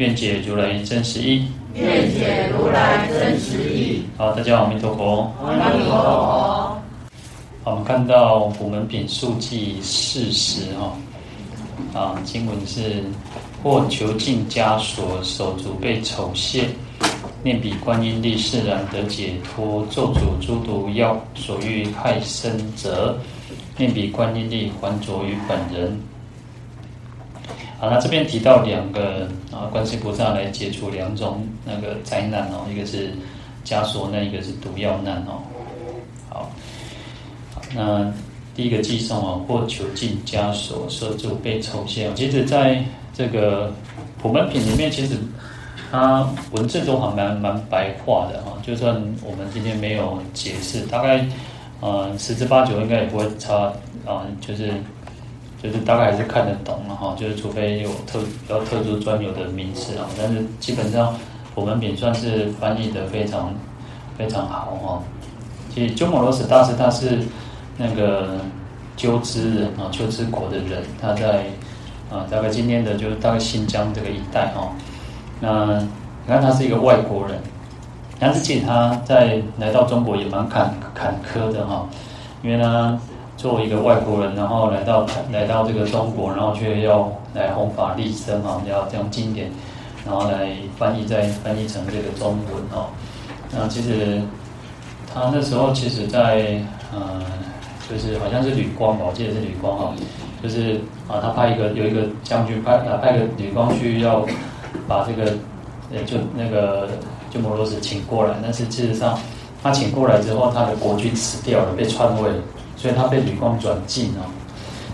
願解如來真實義。願解如來真實義。實義好，大家好，阿彌陀佛。阿彌陀佛。陀佛好，我們看到《普門品》述記四十哈。啊，經文是：或囚禁枷鎖，手足被杻械，念彼觀音力，釋然得解脫；咒詛諸毒藥，所欲害身者，念彼觀音力，還着於本人。好，那這邊提到兩個，然後觀世音菩薩來解除兩種那個災難哦，一個是枷鎖那，一個是毒藥難哦。好，那第一個偈頌啊、哦，或囚禁枷鎖，手足被杻械。其實在這個普門品裡面，其實它文字中還蠻蠻白話的哈、哦，就算我們今天沒有解釋，大概啊、呃、十之八九應該也不會差啊，就是。就是大概還是看得懂了哈，就是除非有特要特殊專有的名詞啊，但是基本上我們也算是翻譯的非常非常好哈。其實鳩摩羅什大師他是那個龜茲人啊，龜茲國的人，他在啊大概今天的就是大概新疆這個一帶哈。那你看他是一個外國人，但是其實他在來到中國也蠻坎坎坷的哈，因為呢。作為一個外國人，然後來到來到這個中國，然後卻要來弘法利生啊，要講經典，然後來翻譯再翻譯成這個中文哦。那其實他那時候其實在，在呃，就是好像是呂光吧，我記得是呂光哈、哦，就是啊，他派一個有一個將軍派他派個呂光去要把這個呃、欸，就那個就摩羅什請過來，但是事實上他請過來之後，他的國君死掉了，被篡位了。所以他被呂光軟禁哦、啊，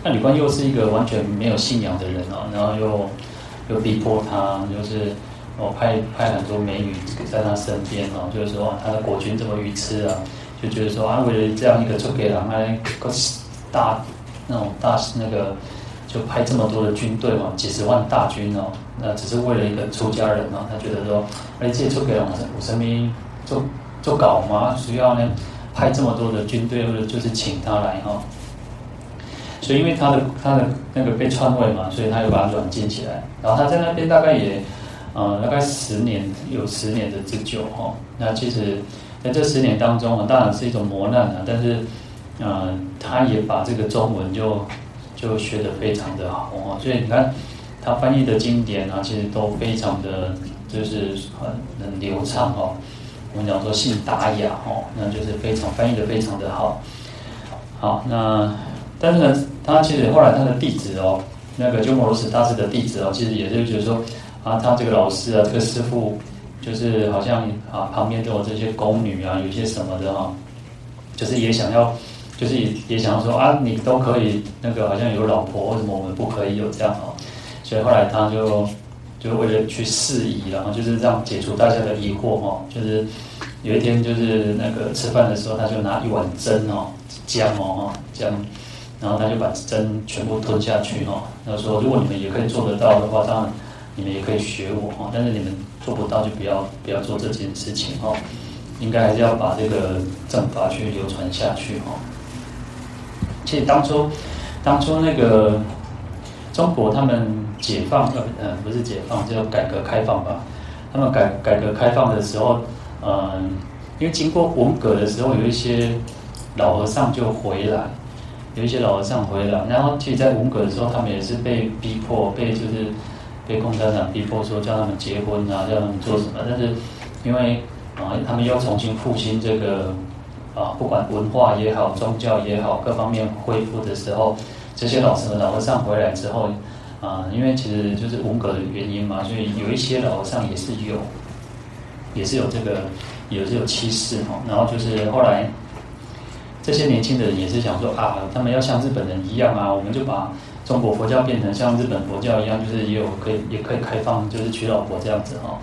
那呂光又是一個完全沒有信仰的人哦、啊，然後又又逼迫他，就是哦派派很多美女在他身邊哦、啊，就是說他的國君這麼愚癡啊？就覺得說啊，為了這樣一個出家人，還大那種大，那，種大那個就派這麼多的軍隊嘛、啊，幾十萬大軍哦、啊，那只是為了一個出家人哦、啊，他覺得說，哎，這些出家人我身邊做做搞嗎？需要呢？派這麼多的軍隊，或者就是請他來哈。所以因為他的他的那個被篡位嘛，所以他又把他軟禁起來。然後他在那邊大概也，呃，大概十年有十年的之久哈、哦。那其實在這十年當中啊，當然是一種磨難啊，但是，呃，他也把這個中文就就學得非常的好哦。所以你看他翻譯的經典啊，其實都非常的就是很很流暢哦。我們講說信達雅哦，那就是非常翻譯的非常的好，好那但是呢，他其實後來他的弟子哦，那個鳩摩羅什大師的弟子哦，其實也是覺得說啊，他這個老師啊，這個師父就是好像啊，旁邊都有這些宮女啊，有些什麼的哈、啊，就是也想要，就是也也想要說啊，你都可以那個好像有老婆為什麼，我們不可以有這樣哦，所以後來他就。就為了去釋疑，然後就是這樣解除大家的疑惑哈。就是有一天，就是那個吃飯的時候，他就拿一碗針哦，薑哦，薑，然後他就把針全部吞下去哦。他說：“如果你們也可以做得到的話，當然你們也可以學我哦。但是你們做不到，就不要不要做這件事情哦。應該還是要把這個正法去流傳下去哈。”其實當初，當初那個中國他們。解放，呃呃不是解放，叫改革開放吧？他們改改革開放的時候，嗯、呃，因為經過文革的時候，有一些老和尚就回來，有一些老和尚回來。然後其實，在文革的時候，他們也是被逼迫，被就是被共產黨逼迫說叫他們結婚啊，叫他們做什麼。但是因為啊、呃，他們又重新復興這個啊、呃，不管文化也好，宗教也好，各方面恢復的時候，這些老和老和尚回來之後。啊，因為其實就是文革的原因嘛，所以有一些老和尚也是有，也是有這個，也是有歧視哈。然後就是後來，這些年輕的人也是想說啊，他們要像日本人一樣啊，我們就把中國佛教變成像日本佛教一樣，就是也有可以也可以開放，就是娶老婆這樣子哈。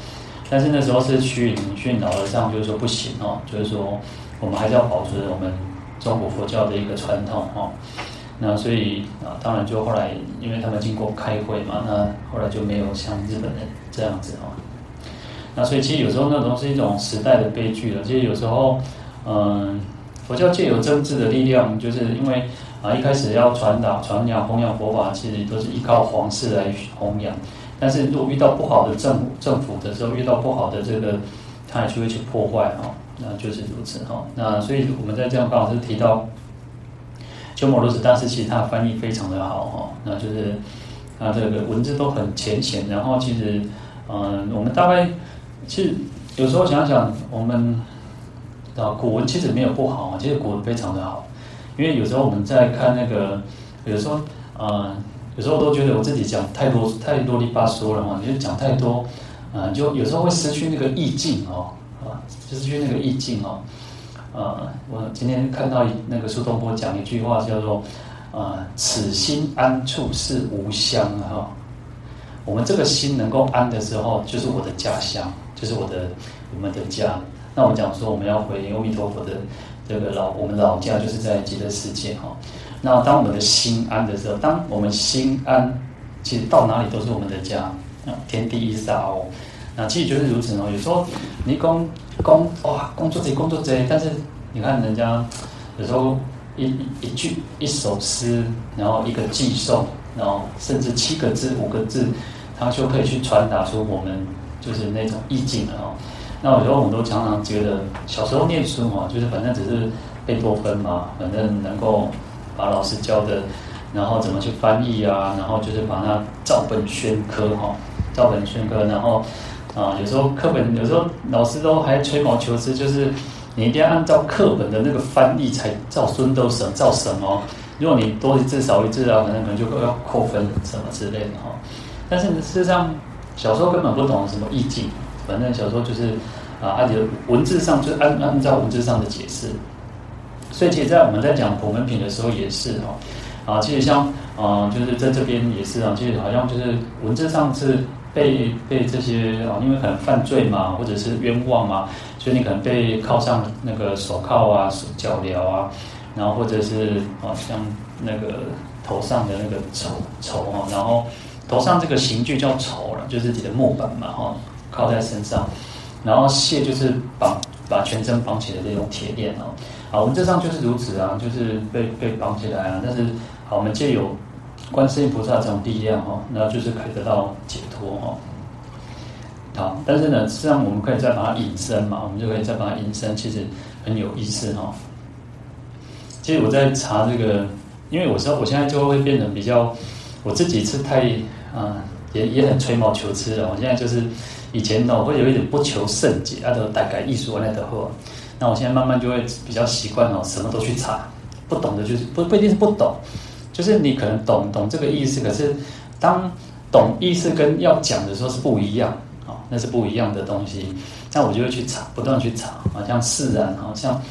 但是那時候是去訓，老和尚就是說不行哦，就是說我們還是要保存我們中國佛教的一個傳統哦。那所以啊，當然就後來，因為他們經過開會嘛，那後來就沒有像日本人這樣子哈、啊。那所以其實有時候那都是一種時代的悲劇了、啊。其實有時候，嗯，佛教藉由政治的力量，就是因為啊，一開始要傳達、傳揚、弘揚佛法，其實都是依靠皇室來弘揚。但是如果遇到不好的政府政府的時候，遇到不好的這個，他也會去破壞哈、啊。那就是如此哈、啊。那所以我們在這樣，剛好是提到。鳩摩羅什大師其實他的翻譯非常的好哈，那就是他這個文字都很淺顯，然後其實嗯，我們大概其實有時候想想，我們啊古文其實沒有不好啊，其實古文非常的好，因為有時候我們在看那個有時候、嗯、有時候都覺得我自己講太多太囉里八嗦了哈，你就講太多啊、嗯，就有時候會失去那個意境哦啊，失去那個意境哦。呃、嗯，我今天看到那個蘇東坡講一句話，叫做“呃此心安處是吾鄉”哈。我們這個心能夠安的時候，就是我的家鄉，就是我的我們的家。那我講說，我們要回阿彌陀佛的這個老我們老家，就是在極樂世界哈。那當我們的心安的時候，當我們心安，其實到哪裡都是我們的家啊。天地一沙鷗、喔。那其實就是如此哦。有時候你工工哇工作賊工作賊，但是你看人家有時候一一句一首詩，然後一個偈頌，然後甚至七個字五個字，他就可以去傳達出我們就是那種意境了哦。那有時候我們都常常覺得，小時候念書嘛，就是反正只是背多分嘛，反正能夠把老師教的，然後怎麼去翻譯啊，然後就是把它照本宣科哈，照本宣科，然後。啊，有時候課本，有時候老師都還吹毛求疵，就是你一定要按照課本的那個翻譯才叫孫斗神，叫神哦。如果你多一字少一字啊，可能可能就要扣分什麼之類的哈、哦。但是呢，事實上，小時候根本不懂什麼意境，反正小時候就是啊，按照文字上就按按照文字上的解釋。所以，其實，在我們在講《普門品》的時候也是哈、哦、啊，其實像啊，就是在這邊也是啊，其實好像就是文字上是。被被這些啊、哦，因為可能犯罪嘛，或者是冤枉啊，所以你可能被銬上那個手銬啊、手腳鐐啊，然後或者是啊、哦、像那個頭上的那個杻杻啊，然後頭上這個刑具叫杻了，就是你的木板嘛哈、哦，銬在身上，然後械就是綁把全身綁起來的那種鐵鏈哦，啊，我們這上就是如此啊，就是被被綁起來啊，但是好，我們借由。觀世音菩薩這種力量哈，那就是可以得到解脫。好，但是呢，實際上我們可以再把它引申嘛，我們就可以再把它引申，其實很有意思。其實我在查這個，因為我知道我現在就會變得比較，我自己是太啊、嗯，也也很吹毛求疵了。我現在就是以前呢，會有一種不求甚解啊，都大概一說那的話。那我現在慢慢就會比較習慣，什麼都去查，不懂的就是不不一定是不懂。就是你可能懂懂這個意思，可是當懂意思跟要講的時候是不一樣啊、哦，那是不一樣的東西。那我就會去查，不斷去查啊。像釋然啊、哦，像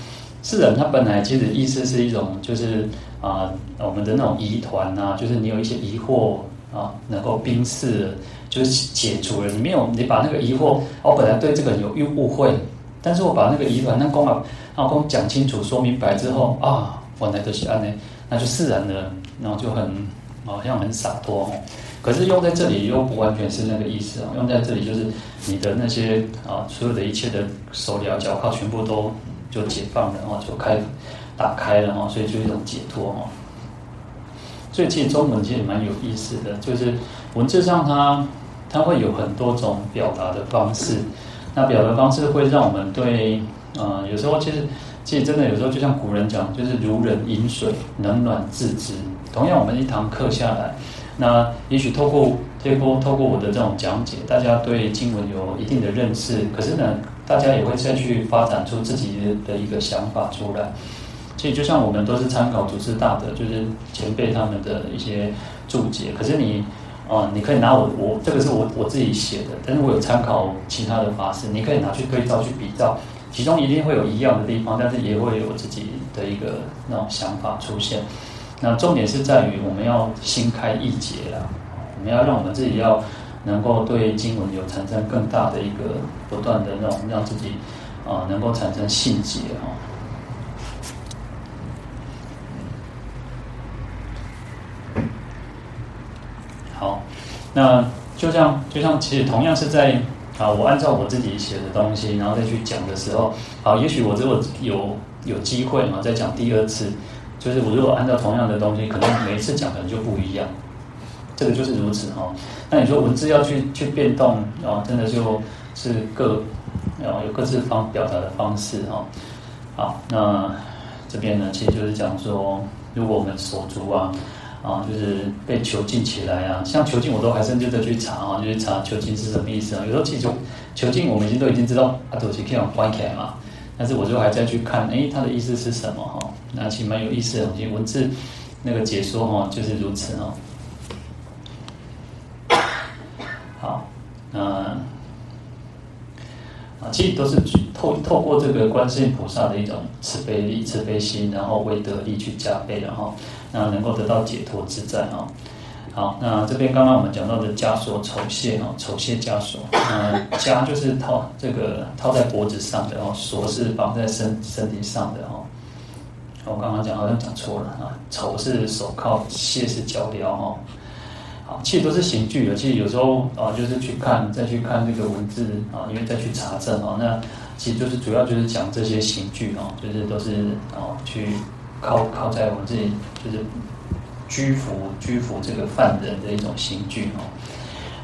釋然，它本來其實意思是一種，就是啊，我們的那種疑團啊，就是你有一些疑惑啊，能夠冰釋，就是解除了。你沒有，你把那個疑惑，我本來對這個有誤會，但是我把那個疑團，那公啊，我講清楚、說明白之後啊，我來個是安呢。那就自然的，然後就很，好像很灑脫哦。可是用在這裡又不完全是那個意思。用在這裡就是你的那些啊，所有的一切的手腳腳銬全部都就解放了，就開，打開了，所以就一種解脫哦。所以其實中文其實也蠻有意思的，就是文字上它它會有很多種表達的方式，那表達方式會讓我們對啊，呃，有時候其實。其實真的有時候就像古人講，就是如人飲水，冷暖自知。同樣，我們一堂課下來，那也許透過這波、透過我的這種講解，大家對經文有一定的認識。可是呢，大家也會再去發展出自己的一個想法出來。其實就像我們都是參考祖師大德，就是前輩他們的一些注解。可是你，啊、呃，你可以拿我，我這個是我我自己寫的，但是我有參考其他的法師，你可以拿去對照、去比照。其中一定會有一樣的地方，但是也會有自己的一個那種想法出現。那重點是在於我們要心開意解啊，我們要讓我們自己要能夠對經文有產生更大的一個不斷的那種讓自己啊能夠產生信解啊。好，那就像就像其實同樣是在。啊，我按照我自己寫的東西，然後再去講的時候，也許我如果有有，有機會再講第二次，就是我如果按照同樣的東西，可能每一次講的就不一樣，這個就是如此哈、哦。那你說文字要去去變動，哦，真的就是各，有各自方表達的方式哈、哦。好，那這邊呢，其實就是講說，如果我們手足啊。啊，就是被囚禁起來啊，像囚禁我都還是記得去查啊，就去查囚禁是什麼意思啊。有時候其實囚禁我們已經都已經知道，阿土奇 k 要關起來嘛，但是我就還在去看，誒、欸，它的意思是什麼哈、啊？那其實蠻有意思的，有些文字那個解說哈，就是如此哦、啊。好，那。其實都是透透過這個觀世音菩薩的一種慈悲力、慈悲心，然後威德力去加被的，然後那能夠得到解脫自在哦。好，那這邊剛剛我們講到的枷鎖、杻械哦，杻械枷鎖，那、呃、枷就是套這個套在脖子上的哦，鎖是綁在身身體上的哦。我剛剛講好像講錯了啊，杻是手銬，械是腳鐐哈。其實都是刑具的，其實有時候啊，就是去看，再去看這個文字啊，因為再去查證啊，那其實就是主要就是講這些刑具啊，就是都是啊去銬銬在我們這裡，就是拘服拘服這個犯人的一種刑具哦。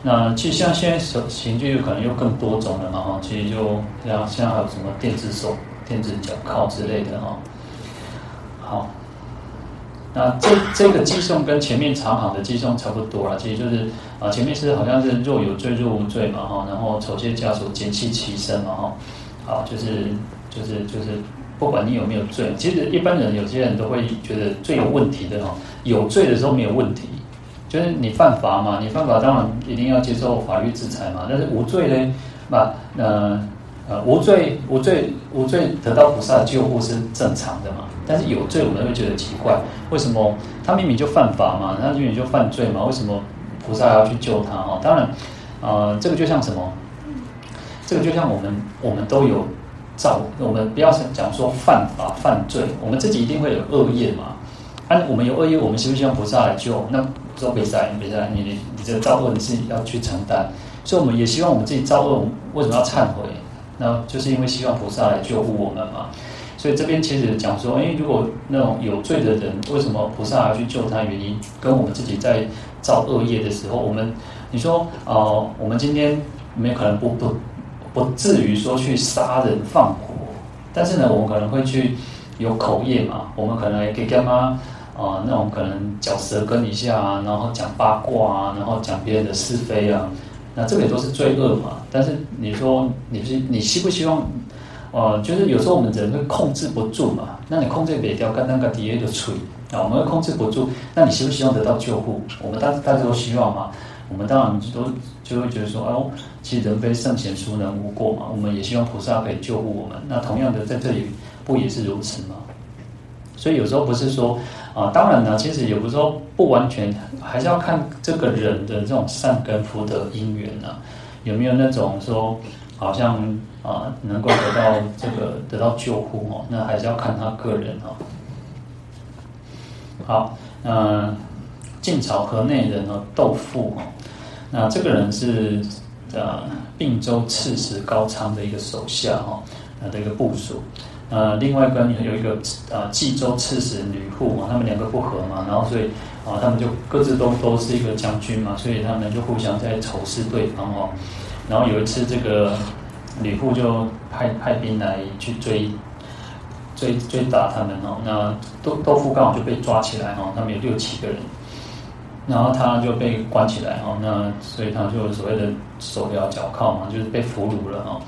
那其實像現在手刑具又可能又更多種了嘛哈，其實就像現在還有什麼電子手、電子腳銬之類的哦。好。那這這個偈頌跟前面長行的偈頌差不多啦，其實就是啊，前面是好像是若有罪若無罪嘛哈，然後杻械枷鎖，檢繫其身嘛哈，好、啊、就是就是就是不管你有沒有罪，其實一般人有些人都會覺得罪有問題的哈，有罪的時候沒有問題，就是你犯法嘛，你犯法當然一定要接受法律制裁嘛，但是無罪呢？那呃。呃、無罪、無罪、無罪，得到菩薩的救護是正常的嘛？但是有罪，我們會覺得奇怪，為什麼他明明就犯法嘛，他明明就犯罪嘛，為什麼菩薩還要去救他啊、哦？當然、呃，這個就像什麼？這個就像我們，我們都有造，我們不要講說犯法、犯罪，我們自己一定會有惡業嘛。那我們有惡業，我們是不是希望菩薩來救？那別再，別再，你你這個造惡你自己要去承擔。所以我們也希望我們自己造惡，為什麼要懺悔？那就是因為希望菩薩來救護我們嘛，所以這邊其實講說，哎，如果那種有罪的人，為什麼菩薩要去救他？原因跟我們自己在造惡業的時候，我們你說，呃，我們今天沒可能不不不，不至於說去殺人放火，但是呢，我們可能會去有口業嘛，我們可能給乾媽啊那種可能嚼舌根一下啊，然後講八卦啊，然後講別人的是非啊。那這個也都是罪惡嘛？但是你說你是你希不希望？呃，就是有時候我們人會控制不住嘛。那你控制不掉，跟那個 DNA 的錘，啊，我們會控制不住。那你希不希望得到救護？我們大家大家都希望嘛。我們當然都就會覺得說，哦、啊，其實人非聖賢，孰能無過嘛？我們也希望菩薩可以救護我們。那同樣的，在這裡不也是如此嗎？所以有時候不是說。啊，當然呢，其實也不是說不完全，還是要看這個人的這種善根福德因緣啊，有沒有那種說好像啊，能夠得到這個得到救護哦、啊，那還是要看他個人哦、啊。好，那、呃、晉朝河內人哦，竇傅哦，那這個人是呃并州刺史高昌的一個手下哦、啊，他的一個部屬。呃，另外一個有一個呃冀州刺史呂護嘛，他們兩個不和嘛，然後所以啊，他們就各自都都是一個將軍嘛，所以他們就互相在仇視對方哦。然後有一次，這個呂護就派派兵來去追追追打他們哦。那竇竇傅剛好就被抓起來哦，他們有六七個人，然後他就被關起來哦，那所以他就所謂的手鐐腳銬嘛，就是被俘虜了哦。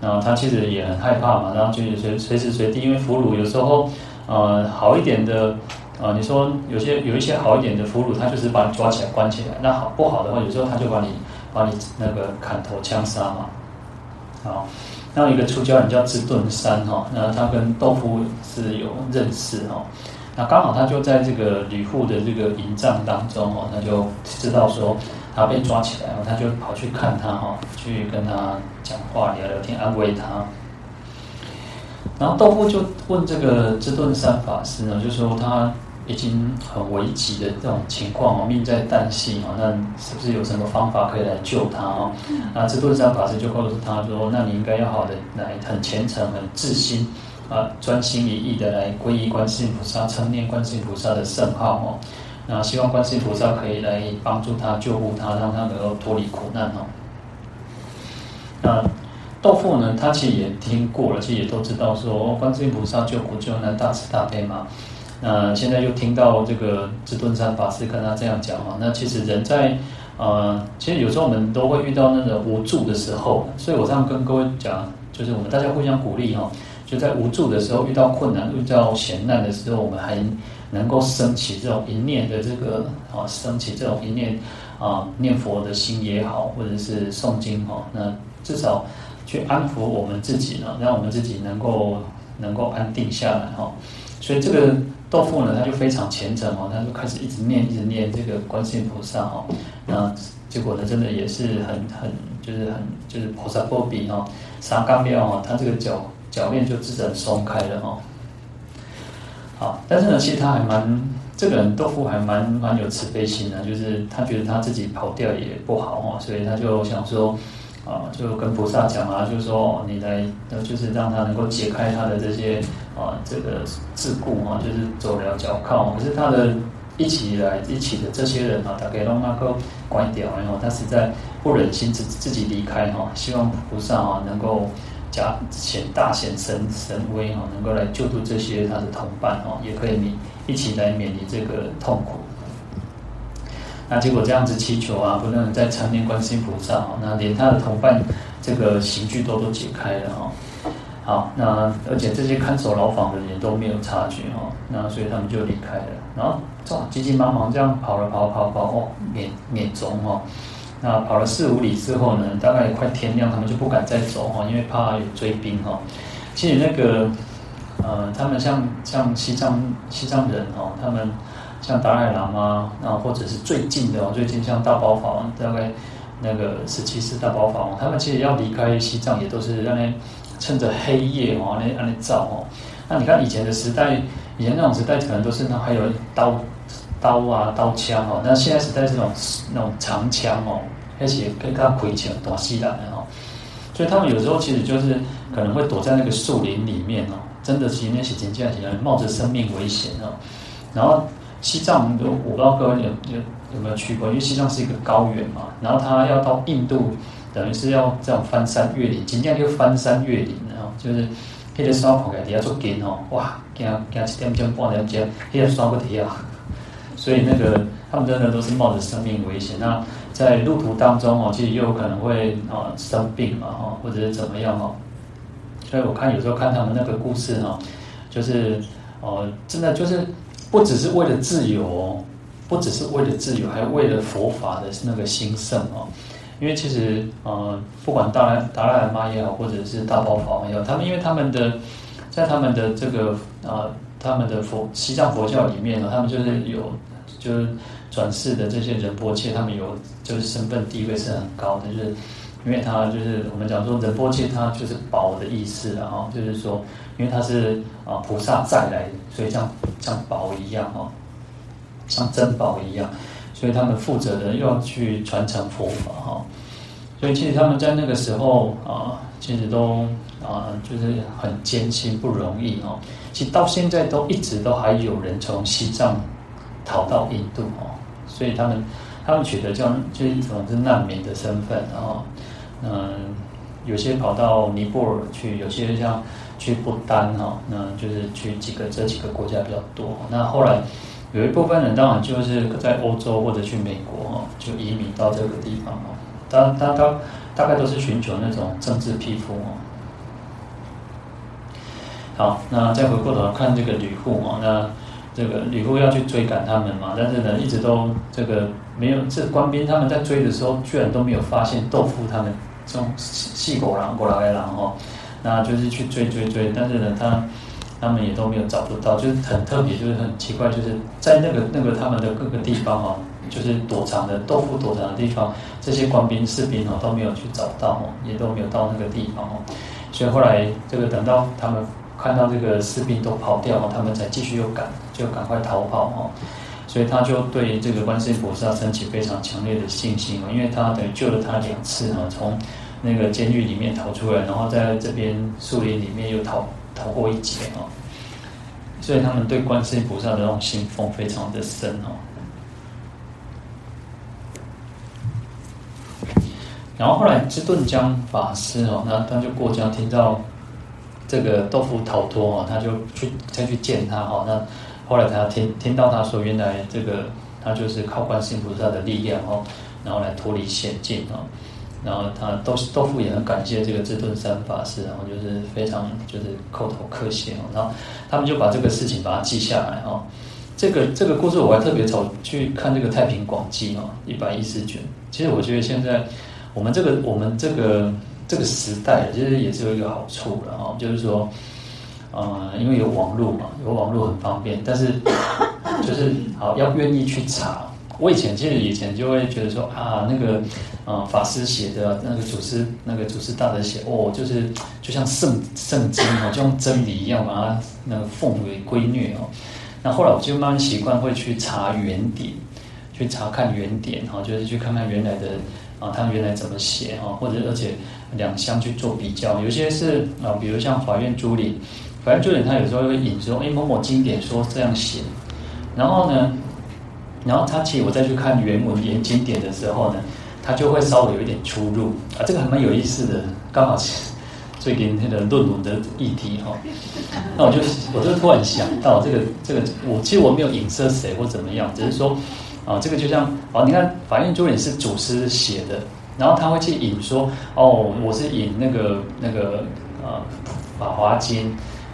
然後他其實也很害怕嘛，然後就隨隨時隨地，因為俘虜有時候，呃，好一點的，呃，你說有些有一些好一點的俘虜，他就是把你抓起來關起來，那好不好的話，有時候他就把你把你那個砍頭槍殺嘛，好，那有一個出家人叫支遁山哈、哦，那他跟竇傅是有認識哈、哦，那剛好他就在這個呂護的這個營帳當中哈，他、哦、就知道說。他被抓起來，他就跑去看他哦，去跟他講話聊聊天，安慰他。然後竇傅就問這個支遁山法師呢，就說他已經很危急的這種情況哦，命在旦夕哦，那是不是有什麼方法可以來救他哦？那支遁山法師就告訴他說，那你應該要好的來，很虔誠、很至心，啊，專心一意的來皈依觀世音菩薩，稱念觀世音菩薩的聖號哦。那希望觀世音菩薩可以來幫助他、救護他，讓他能夠脫離苦難哦。那竇傅呢？他其實也聽過了，其實也都知道說觀世音菩薩救苦救難、大慈大悲嘛。那現在又聽到這個支遁山法師跟他這樣講啊，那其實人在呃，其實有時候我們都會遇到那個無助的時候，所以我這樣跟各位講，就是我們大家互相鼓勵哈、哦，就在無助的時候、遇到困難、遇到險難的時候，我們還。能夠升起這種一念的這個啊，升起這種一念啊念佛的心也好，或者是誦經哈、啊，那至少去安撫我們自己呢，、啊，讓我們自己能夠能夠安定下來哈、啊。所以這個竇傅呢，他就非常虔誠哈，他、啊、就開始一直念一直念這個觀世音菩薩哈，那、啊、結果呢，真的也是很很就是很就是菩薩波比哦，撒干廟哦，他、啊、這個腳腳面就自然鬆開了哈。啊啊，但是呢，其實他還蠻這個人竇傅還蠻蠻有慈悲心的，就是他覺得他自己跑掉也不好哈，所以他就想說，啊，就跟菩薩講啊，就是說你來，就是讓他能夠解開他的這些啊這個桎梏哈，就是手鐐腳銬。可是他的一起來一起的這些人啊，他給讓馬哥關掉，然後他實在不忍心自自己離開哈，希望菩薩啊能夠。顯大顯神神威，能夠來救助這些他的同伴，也可以你一起來免你這個痛苦。那結果這樣子祈求啊，不能在長年觀世音菩薩，那連他的同伴這個刑具都都解開了哈。好，那而且這些看守牢房的人都沒有察覺哈，那所以他們就離開了，然後急急忙忙這樣跑了跑了跑了跑哦，免免罪啊，跑了四五里之後呢，大概快天亮，他們就不敢再走哈，因為怕有追兵哈。其實那個，呃，他們像像西藏西藏人哦，他們像達賴喇嘛，那或者是最近的哦，最近像大寶法王，大概那個十七世大寶法王，他們其實要離開西藏也都是讓那趁着黑夜哈，那那照哈。那你看以前的時代，以前那種時代可能都是那還有刀刀啊刀槍哦，那現在時代是那種那種長槍哦。而且更加虧錢，躲西、哦、所以他們有時候其實就是可能會躲在那個樹林裡面哦，真的那是那些警察起來冒着生命危險哦。然後西藏我不知道各位有有有沒有去過，因為西藏是一個高原嘛，然後他要到印度，等於是要這樣翻山越嶺，真正就翻山越嶺哦，就是黑的山跑個底下捉根哦，哇，今今七點半兩點黑的山不提啊，所以那個他們真的都是冒着生命危險那。在路途當中哦，其實也有可能會生病嘛哈，或者是怎麼樣哦。所以我看有時候看他們那個故事哦，就是哦、呃，真的就是不只是為了自由，不只是為了自由，還為了佛法的那個興盛哦。因為其實呃，不管達賴達賴喇嘛也好，或者是大寶法王也好，他們因為他們的在他們的這個啊、呃，他們的佛西藏佛教裡面呢，他們就是有就是。轉世的這些仁波切，他們有就是身份地位是很高的，就是因為他就是我們講說仁波切，他就是寶的意思了啊，就是說因為他是啊菩薩再來，所以像像寶一樣哈、啊，像珍寶一樣，所以他們負責人又要去傳承佛法哈、啊，所以其實他們在那個時候啊，其實都啊就是很艱辛不容易哦、啊，其實到現在都一直都還有人從西藏逃到印度哦、啊。所以他們，他們取得這樣就是一種是難民的身份，然後，嗯，有些跑到尼泊爾去，有些像去不丹哈、哦，那就是去幾個這幾個國家比較多。那後來有一部分人當然就是在歐洲或者去美國哦，就移民到這個地方哦。當當當大概都是尋求那種政治庇護哦。好，那再回過頭看這個呂護哦，那。這個呂護要去追趕他們嘛，但是呢，一直都這個沒有，這官兵他們在追的時候，居然都沒有發現竇傅他們這種細細狗狼、狗來蓋狼哈，那就是去追追追，但是呢，他他們也都沒有找不到，就是很特別，就是很奇怪，就是在那個那個他們的各個地方哦，就是躲藏的竇傅躲藏的地方，這些官兵士兵哦都沒有去找到哦，也都沒有到那個地方哦，所以後來這個等到他們看到這個士兵都跑掉哦，他們才繼續又趕。就趕快逃跑哦，所以他就對這個觀世音菩薩生起非常強烈的信心哦，因為他等於救了他兩次嘛，從那個監獄裡面逃出來，然後在這邊樹林裡面又逃逃過一劫哦，所以他們對觀世音菩薩的那種信奉非常的深哦。然後後來支遁山法師哦，那他就過江，聽到這個竇傅逃脫哦，他就去再去見他哦，那。後來他聽聽到他說，原來，這個他就是靠觀世音菩薩的力量哦，然後來脫離險境哦，然後他都竇傅，也很感謝這個支遁山法師，然後就是非常就是叩頭磕謝哦，然後他們就把這個事情把它記下來哦，這個這個故事我還特別找，去看這個《太平廣記》哦，一百一十卷，其實我覺得現在我們這個我們這個這個時代，其實也是有一個好處的哦，就是說。啊、嗯，因為有網絡嘛，有網絡很方便，但是就是好、啊、要願意去查。我以前其實以前就會覺得說啊，那個啊法師寫的那個祖師那個祖師大德寫哦，就是就像聖聖經哦，就像真理一樣，把它那個奉為圭臬哦。那後來我就慢慢習慣會去查原點，去查看原點哦、啊，就是去看看原來的啊，他們原來怎麼寫哦、啊，或者而且兩相去做比較。有些是啊，比如像法院助理。反正珠林他有時候會引說：“哎、欸，某某經典說這樣寫。”然後呢，然後他其實我再去看原文原經典的時候呢，他就會稍微有一點出入啊，這個還蠻有意思的。剛好是最近他的論文的議題哦。那我就我就突然想到，這個這個，我其實我沒有影射誰或怎麼樣，只是說啊，這個就像哦、啊，你看，法苑珠林是祖師寫的，然後他會去引說：“哦，我是引那個那個呃，啊《法華經》。”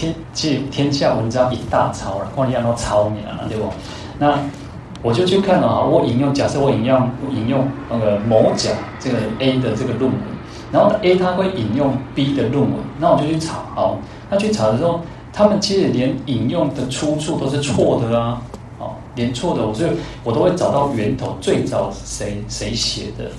天，其實天下文章一大抄了，光利用抄你了、啊，對不？那我就去看啊、哦，我引用，假設我引用引用那個某甲這個 A 的這個論文，然後呢 A 他會引用 B 的論文，那我就去查，好、哦，他去查的時候，他們其實連引用的出處都是錯的啦、啊。哦，連錯的，我所以我都會找到源頭，最早是誰誰寫的，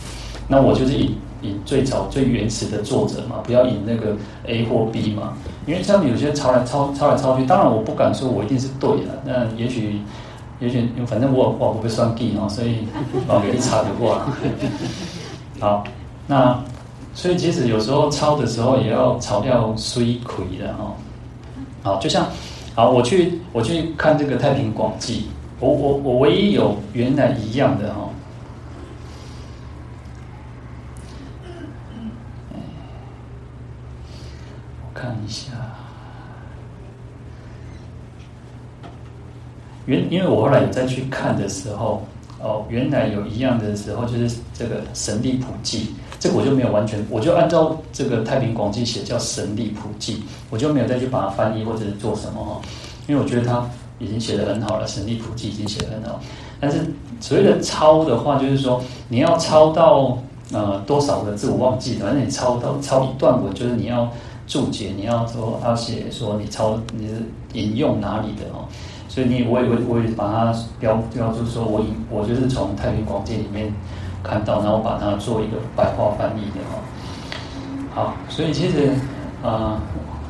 那我就是引。以最早最原始的作者嘛，不要以那個 A 或 B 嘛，因為像有些抄來抄抄來抄去，當然我不敢說我一定是對的，那也許，也許反正我我不會算計哦，所以容易差的過。 好，那所以即使有時候抄的時候也要抄掉 s u m 的哦，好，就像好，我去我去看這個《太平廣記》，我我我唯一有原來一樣的哦。原因為我後來有再去看的時候，哦，原來有一樣的時候，就是這個《神力普濟》，這個我就沒有完全，我就按照這個《太平廣記》寫叫《神力普濟》，我就沒有再去把它翻譯或者是做什麼哈，因為我覺得它已經寫得很好了，《神力普濟》已經寫得很好。但是所謂的抄的話，就是說你要抄到呃多少個字我忘記了，反正你抄到抄一段文，就是你要注解，你要說要寫說你抄你是引用哪裡的哦。所以你也我也我我也把它標標注說，我以我就是從《太平廣記》裡面看到，然後把它做一個白話翻譯的哦。好，所以其實啊、呃，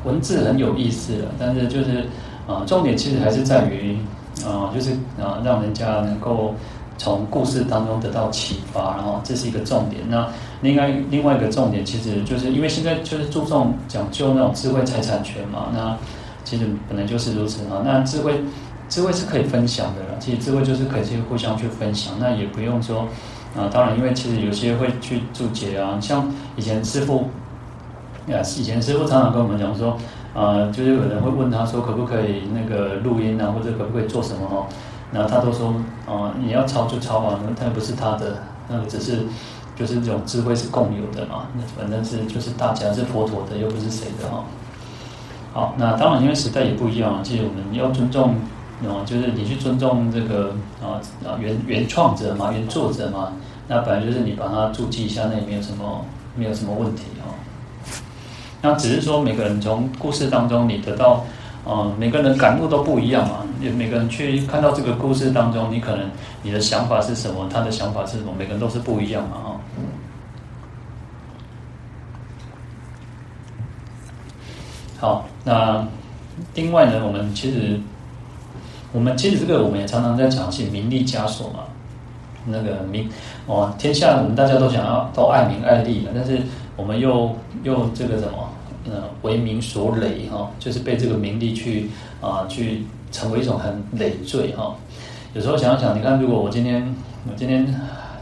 文字很有意思的、啊，但是就是啊、呃，重點其實還是在於啊、呃，就是啊、呃，讓人家能夠從故事當中得到啟發，然後這是一個重點。那應該另外一個重點，其實就是因為現在就是注重講究那種智慧財產權嘛，那其實本來就是如此啊。那智慧智慧是可以分享的啦，其實智慧就是可以去互相去分享，那也不用說，啊，當然因為其實有些會去注解啊，像以前師父，啊，以前師父常常跟我們講說，啊，就是有人會問他說可不可以那個錄音啊，或者可不可以做什麼哦、啊，然後他都說，啊，你要抄就抄吧、啊，那他也不是他的，那個只是就是這種智慧是共有的嘛、啊，那反正是就是大家是佛陀的，又不是誰的哈、啊。好，那當然因為時代也不一樣啊，其實我們要尊重。哦、嗯，就是你去尊重這個啊啊原原創者嘛，原作者嘛，那本來就是你把它註記一下，那也沒有什麼沒有什麼問題啊、哦。那只是說每個人從故事當中你得到，哦、嗯，每個人感悟都不一樣嘛。有每個人去看到這個故事當中，你可能你的想法是什麼，他的想法是什麼，每個人都是不一樣嘛，哈、哦。好，那另外呢，我們其實。我們其實，這個我們也常常在講是名利枷鎖嘛，那個名哦，天下我們大家都想要都愛名愛利嘛，但是我們又又這個什麼呃，為名所累哈，就是被這個名利去啊，去成為一種很累贅哈。有時候想想，你看，如果我今天我今天，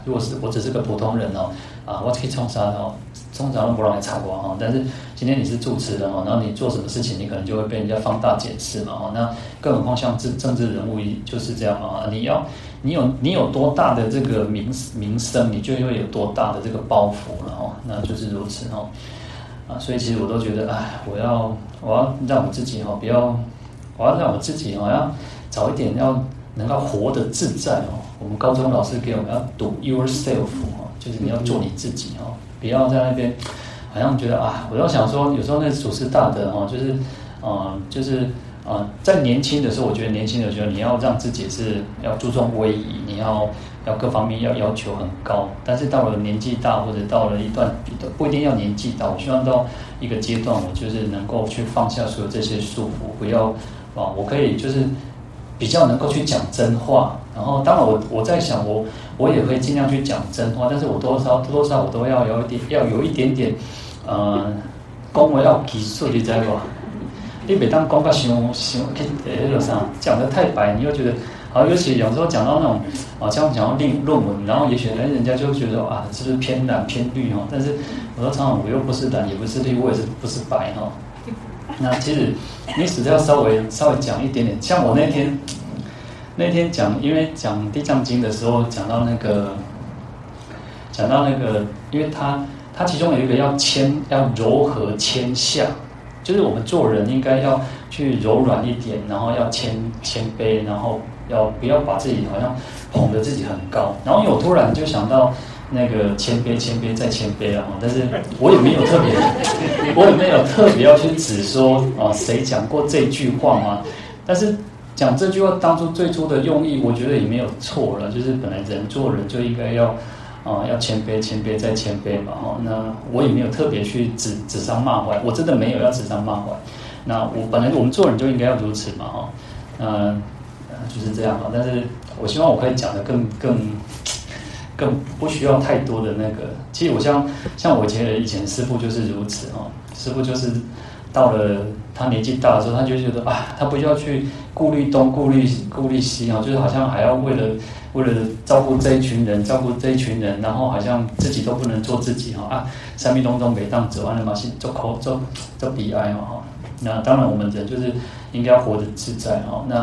如果是我只是個普通人哦。啊，我可以沖啥的哦，通常都不容易插光，哈、哦。但是今天你是主持的哦，然後你做什麼事情，你可能就會被人家放大解釋嘛哈、哦。那更何況像政政治人物就是這樣啊、哦，你要你有你有多大的這個名名聲，你就會有多大的這個包袱了哦。那就是如此哦。啊，所以其實我都覺得，哎，我要我要讓我自己哦，不要，我要讓我自己哦，要早一點要能夠活得自在哦。我們高中老師給我們要讀 yourself。就是你要做你自己哦，不要在那邊，好像覺得啊，我要想說，有時候那祖師大德哦，就是，呃，就是呃就是在年輕的時候，我覺得年輕的時候你要讓自己是要注重威儀，你要要各方面要要求很高。但是到了年紀大，或者到了一段不一定要年紀大，我希望到一個階段，我就是能夠去放下所有這些束縛，不要啊，我可以就是比較能夠去講真話。然後當然我我在想我。我也會盡量去講真話，但是我多多少少我都要有一點，要有一點點，呃，公文要體恤的在吧？你每當講個像像誒，那個、哎、講的太白，你又覺得，啊，尤其有時候講到那種，啊，像我們講論論文，然後也許人人家就覺得，啊，是不是偏藍偏綠哦？但是我說常常我又不是藍，也不是綠，我也是不是白哦。那其實你只要稍微稍微講一點點，像我那天。那天講，因為講《地藏經》的時候，講到那個，講到那個，因為他他其中有一個要謙，要柔和謙下，就是我們做人應該要去柔軟一點，然後要謙謙卑，然後要不要把自己好像捧得自己很高。然後有突然就想到那個謙卑，謙卑再謙卑啊，但是我也沒有特別，我也沒有特別要去指說啊、呃，誰講過這句話啊，但是。講這句話當初最初的用意，我覺得也沒有錯了，就是本來人做人就應該要，啊、呃，要謙卑，謙卑再謙卑嘛。哦，那我也沒有特別去指指桑罵槐，我真的沒有要指桑罵槐。那我本來我們做人就應該要如此嘛。哦，呃，就是這樣啊。但是我希望我可以講得更更更不需要太多的那個。其實我像像我以前以前師父就是如此啊，師父就是到了。他年紀大的時候，他就覺得啊，他不要去顧慮東、顧慮顧慮西啊，就是好像還要為了為了照顧這一群人，照顧這一群人，然後好像自己都不能做自己哈啊，三命東東北蕩走完了嘛，心走口走走 BI 嘛哈。那當然，我們人就是應該活得自在啊。那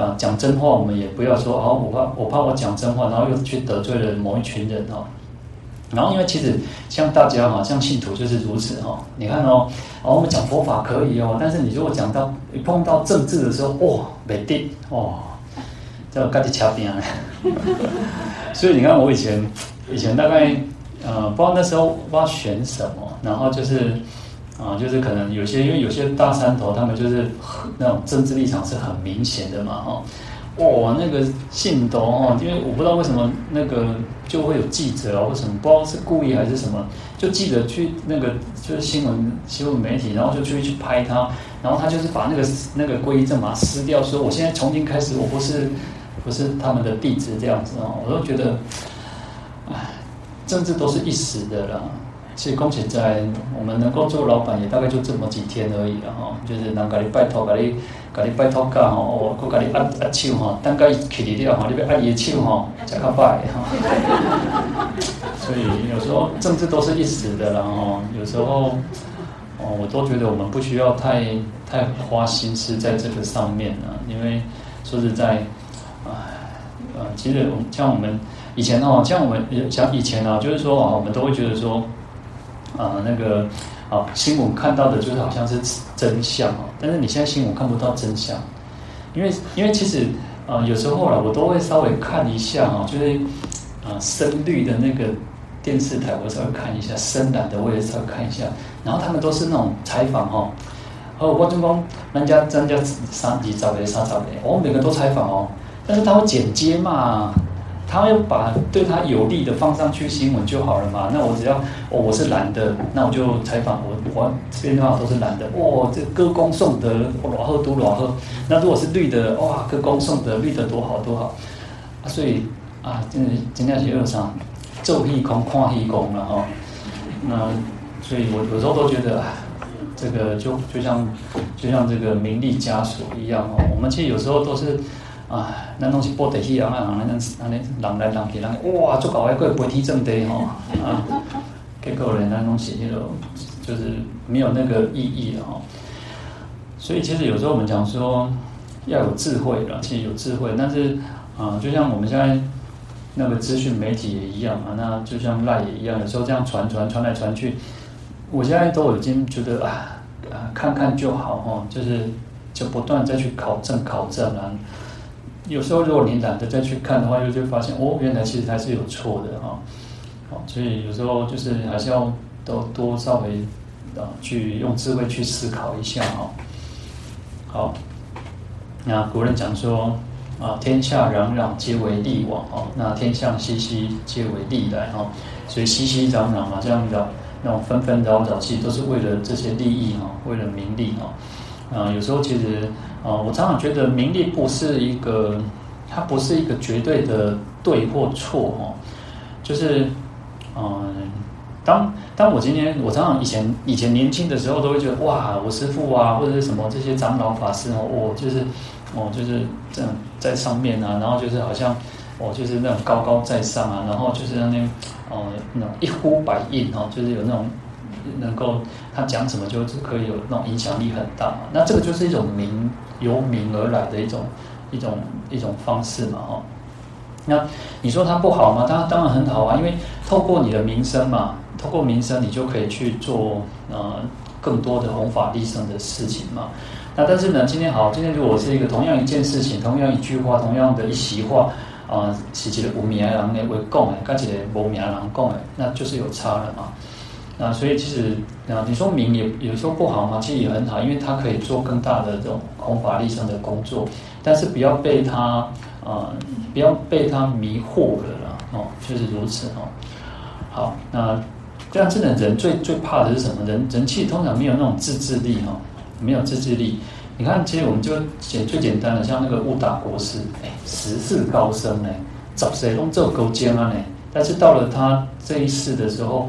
啊，講真話，我們也不要說啊，我怕我怕我講真話，然後又去得罪了某一群人啊。然後因為其實像大家哈，像信徒就是如此哈、哦。你看哦，哦我們講佛法可以哦，但是你如果講到一碰到政治的時候，哇沒的哦，就擱在橋邊了。哦、試試 所以你看我以前以前大概呃，不知道那時候不知道選什麼，然後就是啊、呃，就是可能有些因為有些大山頭他們就是那種政治立場是很明顯的嘛哈。哦哇、哦，那個信徒哦，因為我不知道為什麼那個就會有記者啊或什麼，不知道是故意還是什麼，就記者去那個就是新聞新聞媒體，然後就出去去拍他，然後他就是把那個那個皈依證嘛撕掉，說我現在重新開始，我不是我不是他們的弟子這樣子哦，我都覺得，唉，政治都是一時的啦。所以，目前在我們能夠做老板也大概就這麼幾天而已了哈。就是能夠拜托，給你拜托干哦，我給你按按氣哈，單個去你掉哈，你別按野氣哈，再個拜哈。唱 所以有時候政治都是一時的。然後有時候哦，我都覺得我們不需要太太花心思在這個上面了，因為說實在，唉，呃，其實像我們以前哦，像我們像以前啊，就是說啊，我們都會覺得說。啊，那個啊，新聞看到的就是好像是真相哦、喔，但是你現在新聞看不到真相，因為因為其實啊、呃，有時候啦，我都會稍微看一下啊、喔，就是啊、呃，深綠的那個電視台，我稍微看一下，深藍的我也稍微看一下，然後他們都是那種採訪哈，哦，我跟你說，人家專家三你找雷，啥找的，我們每個都採訪哦，但是他會剪接嘛。他要把對他有利的放上去新聞就好了嘛？那我只要，哦，我是藍的，那我就採訪我，我這邊的話都是藍的，哇、哦，這歌功頌德，老、哦、好都老好,好,好。那如果是綠的，哇、哦，歌功頌德，綠的多好多好。多好啊、所以啊，真的真的是有點啥，一空誇一空了哦。那所以，我有時候都覺得，啊、這個就就像就像這個名利枷鎖一樣哦。我們其實有時候都是。啊，唉那東西不得起人啊！人，人來人去，人去哇，做夠還過媒體陣地吼、喔、啊！結果嘞，那攏是迄落，就是沒有那個意義吼。所以其實有時候我們講說要有智慧了，其實有智慧，但是啊、呃，就像我們現在那個資訊媒體也一樣啊，那就像賴也一樣，有時候這樣傳傳傳來傳去，我現在都已經覺得啊，啊，看看就好哦、喔，就是就不斷再去考證考證啊。有時候，如果你懶得再去看的話，又就會發現，哦，原來其實它是有錯的哈。好、哦，所以有時候就是還是要多多稍微啊，去用智慧去思考一下哈、哦。好，那古人講說啊，天下攘攘皆為利往啊，那天下熙熙皆為利來啊、哦，所以熙熙攘攘啊，這樣子那種紛紛擾擾，其實都是為了這些利益哈，為了名利哈、哦。啊，有時候其實。啊、呃，我常常覺得名利不是一個，它不是一個絕對的對或錯哦，就是，嗯、呃，當當我今天，我常常以前以前年輕的時候，都會覺得哇，我師父啊，或者是什麼這些長老法師、啊、哦，我就是，哦，就是這樣在上面啊，然後就是好像我、哦、就是那種高高在上啊，然後就是那哦、呃、那種一呼百應哦、啊，就是有那種。能夠他講什麼就可以有那種影響力很大嘛？那這個就是一種名，由名而來的一種一種一種方式嘛，哈。那你說他不好嗎？他當然很好啊，因為透過你的名聲嘛，透過名聲你就可以去做呃更多的弘法利生的事情嘛。那但是呢，今天好，今天如果是一個同樣一件事情、同樣一句話、同樣的一席話，啊、呃，是一個有名的人來講的，跟一個無名人講的，那就是有差了嘛。啊，所以其實啊，你說名也有時候不好嘛，其實也很好，因為他可以做更大的這種弘法利生的工作，但是不要被他啊，不要被他迷惑了了哦，就是如此哦。好，那這樣子的人最最怕的是什麼？人人氣通常沒有那種自制力哈，沒有自制力。你看，其實我們就簡最簡單的，像那個悟達國師，哎，十世高僧找誰些東做勾結了，但是到了他這一世的時候。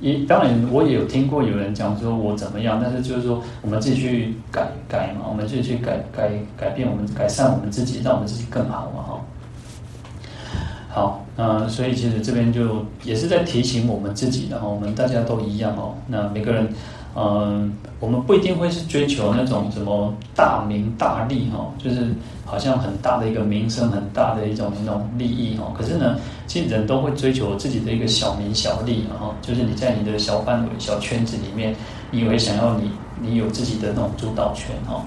也當然，我也有聽過有人講說我怎麼樣，但是就是說，我們自己去改改嘛，我們自己去改改改變，我們改善我們自己，讓我們自己更好嘛，哈。好，那所以其實這邊就也是在提醒我們自己的，然後我們大家都一樣哦。那每個人，嗯，我們不一定會是追求那種什麼大名大利哈，就是好像很大的一個名聲，很大的一種那種利益哦。可是呢。其實人都會追求自己的一個小名小利，然後就是你在你的小範圍、小圈子裡面，以為想要你你有自己的那種主導權哈。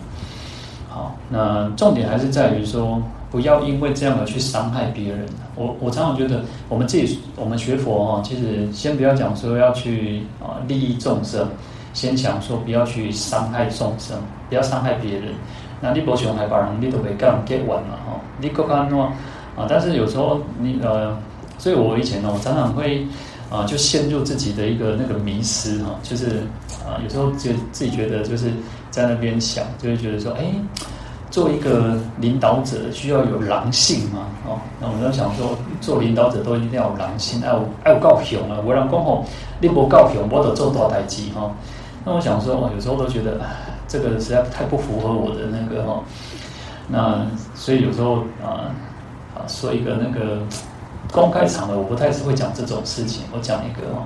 好，那重點還是在於說，不要因為這樣而去傷害別人。我我常常覺得，我們自己我們學佛哈，其實先不要講說要去啊利益眾生，先講說不要去傷害眾生，不要傷害別人。那你不想害別人，你都會跟人結怨了，哈。你更加啊，但是有時候你呃，所以我以前呢，我常常會啊、呃，就陷入自己的一個那個迷思哈，就是啊、呃，有時候就自己覺得就是在那邊想，就會覺得說，哎、欸，做一個領導者需要有狼性嘛，哦，那我就想說，做領導者都一定要有狼性，我、啊，有要有高雄啊，我讓講吼，你告訴你我都做少代志哈。那我想說，有時候都覺得這個實在太不符合我的那個哈，那所以有時候啊。呃說一個那個公開場合，我不太是會講這種事情。我講一個哦，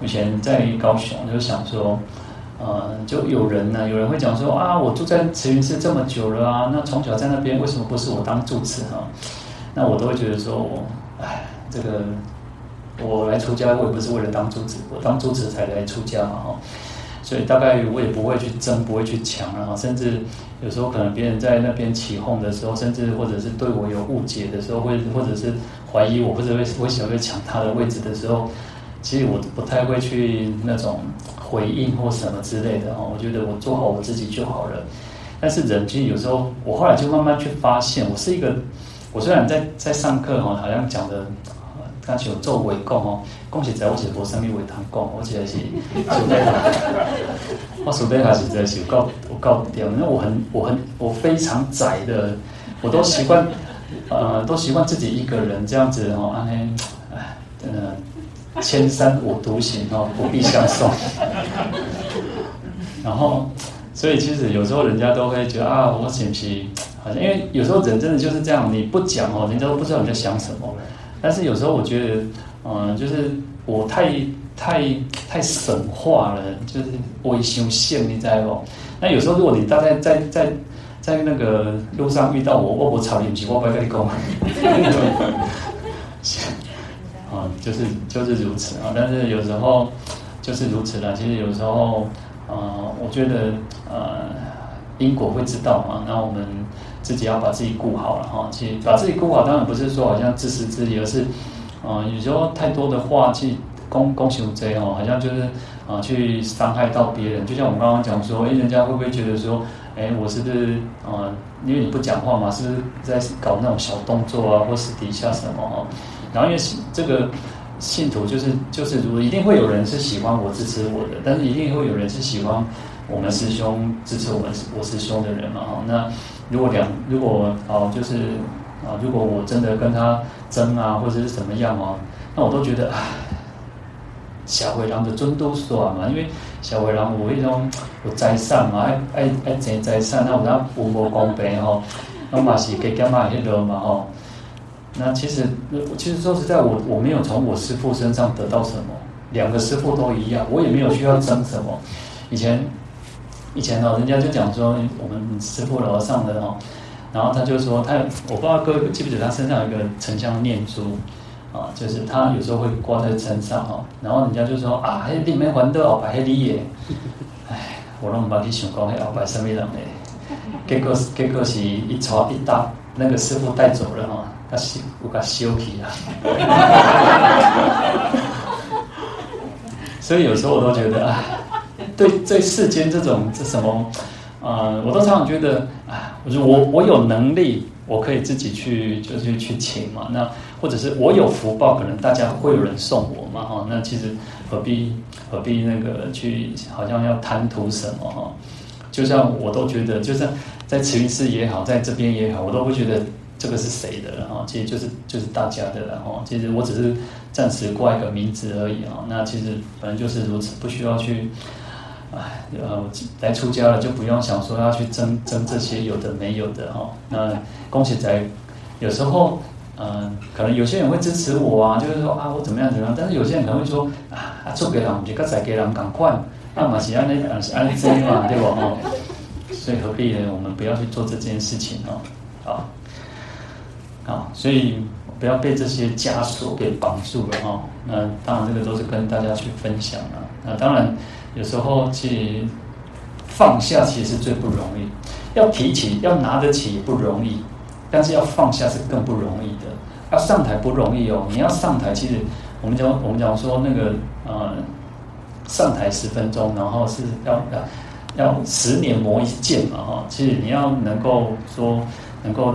以前在高雄，就想說，呃，就有人呢、啊，有人會講說啊，我住在慈雲寺這麼久了啊，那從小在那邊，為什麼不是我當住持哈、啊？那我都會覺得說我，哎，這個我來出家，我也不是為了當住持，我當住持才來出家嘛、啊、哈。所以大概我也不會去爭，不會去搶啊，然後甚至有時候可能別人在那邊起哄的時候，甚至或者是對我有誤解的時候，或者或者是懷疑我或者會，我喜歡會搶他的位置的時候，其實我不太會去那種回應或什麼之類的哈。我覺得我做好我自己就好了。但是人其實有時候，我後來就慢慢去發現，我是一個，我雖然在在上課哈，好像講的。但想做會講哦，恭喜在我是無甚物會談講，我只係是， 是，是，我私底下是真是受夠告夠掉。因為我很我很我非常窄的，我都習慣，呃，都習慣自己一個人這樣子哦。安、啊、尼，唉，真的，千山我獨行哦，不必相送。 然後，所以其實有時候人家都會覺得啊，我是不是？好像因為有時候人真的就是這樣，你不講哦，人家都不知道你在想什麼。但是有時候我覺得，嗯、呃，就是我太太太神話了，就是我修仙，你知道不？那有時候如果你大概在在在，在那個路上遇到我，我不朝你行，我不跟你講，啊、 嗯，就是就是如此啊。但是有時候就是如此啦，其實有時候，呃，我覺得呃，因果會知道啊。那我們。自己要把自己顧好了哈，去把自己顧好，當然不是說好像自私自利，而是，啊、呃，有時候太多的話去攻攻擊我哦，好像就是啊、呃、去傷害到別人。就像我們剛剛講說，哎、欸，人家會不會覺得說，哎、欸，我是不是啊、呃？因為你不講話嘛，是不是在搞那種小動作啊，或是底下什麼哦、啊？然後因為這個信徒就是就是如，如果一定會有人是喜歡我支持我的，但是一定會有人是喜歡我們師兄支持我們我師兄的人嘛哈？那。如果兩如果哦，就是啊、哦，如果我真的跟他爭啊，或者是怎麼樣哦、啊，那我都覺得，小灰狼的尊多算了嘛，因為小灰狼無一種有在上嘛，愛愛愛爭在上，那我跟他無謀公平哈那、哦、嘛是給幹嘛的嘛哈。那其實，其實說實在，我我沒有從我師父身上得到什麼，兩個師父都一樣，我也沒有需要爭什麼，以前。以前哦，人家就講說我們師傅樓上的哦，然後他就說他，我不知道各位記不記得他身上有一個沉香念珠，啊，就是他有時候會掛在身上哦，然後人家就說啊，你沒還的哦，擺黑底耶，哎，我讓我把底想講，還擺身邊人咧？結果結果是一朝一打，那個師傅帶走了哦，他給他修去了， 所以有時候我都覺得啊。對這世間這種這什麼、呃，我都常常覺得，哎，我就我我有能力，我可以自己去就是去，去請嘛。那或者是我有福報，可能大家會有人送我嘛，哈、哦。那其實何必何必那個去，好像要貪圖什麼哈、哦？就像我都覺得，就像在慈雲寺也好，在這邊也好，我都不覺得這個是誰的，然、哦、後其實就是就是大家的，然、哦、後其實我只是暫時掛一個名字而已啊、哦。那其實反正就是如此，不需要去。哎，呃，來出家了就不用想說要去爭爭這些有的沒有的哈、哦。那恭喜在，有時候，嗯、呃、可能有些人會支持我啊，就是說啊，我怎麼樣怎麼樣。但是有些人可能會說啊，啊，做給他們，們，個宰給了，趕快，那嘛其他那安安利在嘛，對吧？哦？所以何必呢？我們不要去做這件事情哦，啊，好，所以不要被這些枷鎖給綁住了哦。那當然，這個都是跟大家去分享了、啊。那當然。有時候去放下其實是最不容易，要提起要拿得起不容易，但是要放下是更不容易的。要、啊、上台不容易哦，你要上台，其實我們講我們講說那個呃，上台十分鐘，然後是要要要十年磨一劍嘛哈。其實你要能夠說能夠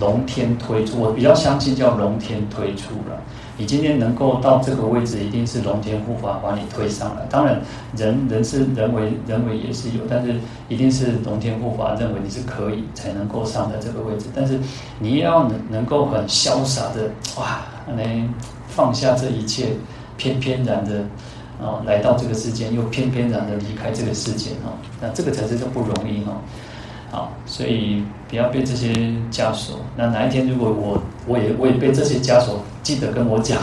龍天推出，我比較相信叫龍天推出了。你今天能夠到這個位置，一定是龍天護法把你推上來。當然，人，人是人為，人為也是有，但是一定是龍天護法認為你是可以，才能夠上到這個位置。但是，你要能能夠很瀟灑的哇，來放下這一切，翩翩然的、哦、來到這個世間，又翩翩然的離開這個世界。哦、那這個才是真不容易、哦好，所以不要被這些枷鎖。那哪一天如果我我也我也被這些枷鎖，記得跟我講，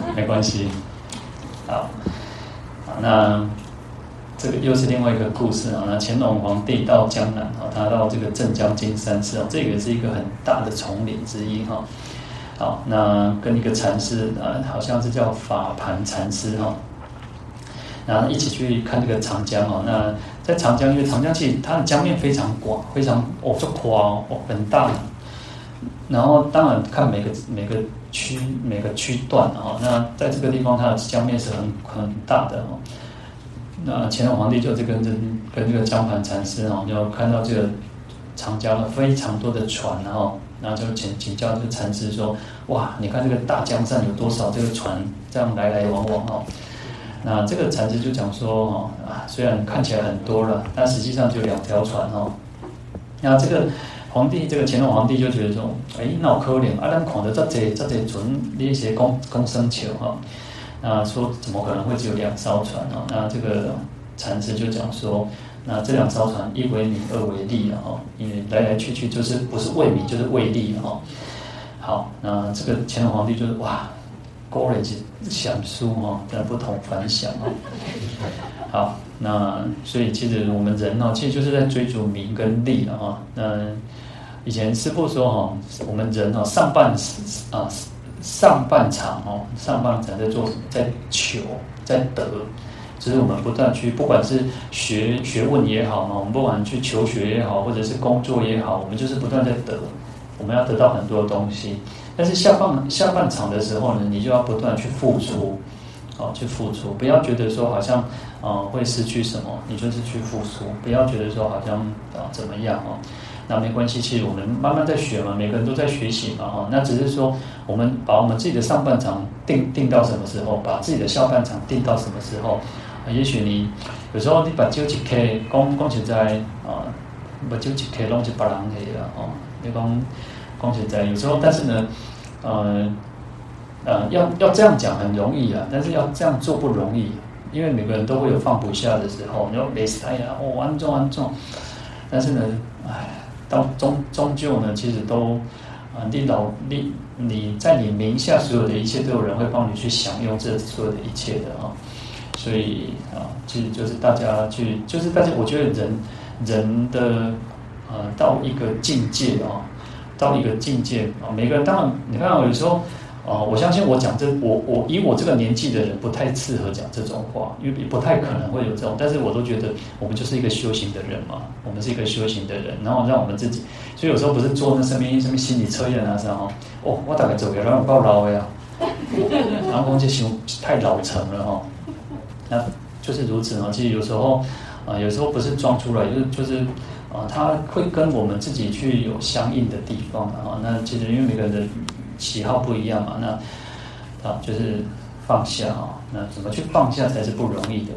沒關係。好，那這個又是另外一個故事啊。那乾隆皇帝到江南，他到這個鎮江金山寺啊，這個是一個很大的叢林之一哈。好，那跟一個禪師啊，好像是叫法盤禪師哈，然後一起去看這個長江哦，那。在長江，因為長江其實它的江面非常廣，非常哦，這寬哦，很大。然後當然看每個每個區每個區段哈，那在這個地方它的江面是很很大的哈。那乾隆皇帝就就跟這個、跟這個江畔禪師哦，就看到這個長江的非常多的船然後，然後就請請教這個禪師說：哇，你看這個大江上有多少這個船這樣來來往往哦。那這個禪師就講說哦，啊，雖然看起來很多了，但實際上就兩條船哦、喔。那這個皇帝，這個乾隆皇帝就覺得說，哎，鬧可憐啊，咱看到這這這這船那些公公生橋哈，那說，說，說怎麼可能會只有兩艘船哦、喔？那這個禪師就講說，那這兩艘船一為名二為利了、喔、哦，因為來來去去就是不是為名就是為利哦、喔。好，那這個乾隆皇帝就是哇，高人一。想書哈，但不同凡響啊！好，那所以其實我們人哦，其實就是在追逐名跟利了。哈。那以前師父說哈，我們人哦，上半啊，上半場哦，上半場在做什麼？在求，在得，就是我們不斷去，不管是學學問也好嘛，我們不管去求學也好，或者是工作也好，我們就是不斷在得，我們要得到很多東西。但是下半下半場的時候呢，你就要不斷去付出，哦，去付出，不要覺得說好像，呃，會失去什麼，你就是去付出，不要覺得說好像，啊，呃，怎麼樣哦，那沒關係，其實我們慢慢在學嘛，每個人都在學習嘛，哦，那只是說我們把我們自己的上半場定定到什麼時候，把自己的下半場定到什麼時候，啊，也許你有時候你把九七 K 攻攻起在哦，把九七 K 弄一別人去了哦，你講。關鍵在有時候，但是呢，呃，呃，要要這樣講很容易啊，但是要這樣做不容易，啊，因為每個人都會有放不下的時候，你要累死他，哎，呀，哦，安裝安裝但是呢，唉，到終終究呢，其實都啊，你老你你在你名下所有的一切，都有人會幫你去享用這所有的一切的啊，哦。所以啊，其實就是大家去，就是大家我覺得人人的呃，到一個境界啊，哦。到一個境界啊，每個人當然，你看我有時候啊、呃，我相信我講這，我我以我這個年紀的人不太適合講這種話，因為不太可能會有這種。但是我都覺得，我們就是一個修行的人嘛，我們是一個修行的人，然後讓我們自己。所以有時候不是做那什麼什麼心理測驗啊，什麼哦，我大概走過來，我不要的啊， 然後攻擊型太老成了哈、哦，那就是如此呢。其實有時候啊、呃，有時候不是裝出來，就是就是。啊，他會跟我們自己去有相應的地方啊。那其實因為每個人的喜好不一樣嘛，那啊就是放下哈、啊。那怎麼去放下才是不容易的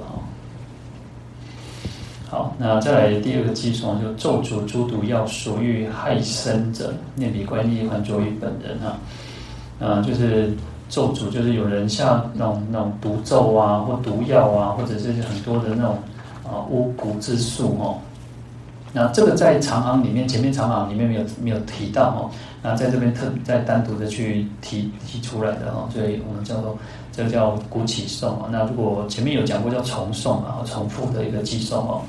哈、啊？好，那再來第二個基礎，就咒詛諸毒藥，所欲害身者，念彼觀音力，還著於本人哈、啊。就是咒詛，就是有人像那種那種毒咒啊，或毒藥啊，或者是很多的那種啊巫蠱之術那這個在長行裡面，前面長行裡面沒有沒有提到哈、哦，那在這邊特再單獨的去提提出來的哈、哦，所以我們叫做這個、叫孤起頌啊、哦。那如果前面有講過叫重頌啊，重複的一個偈頌哦。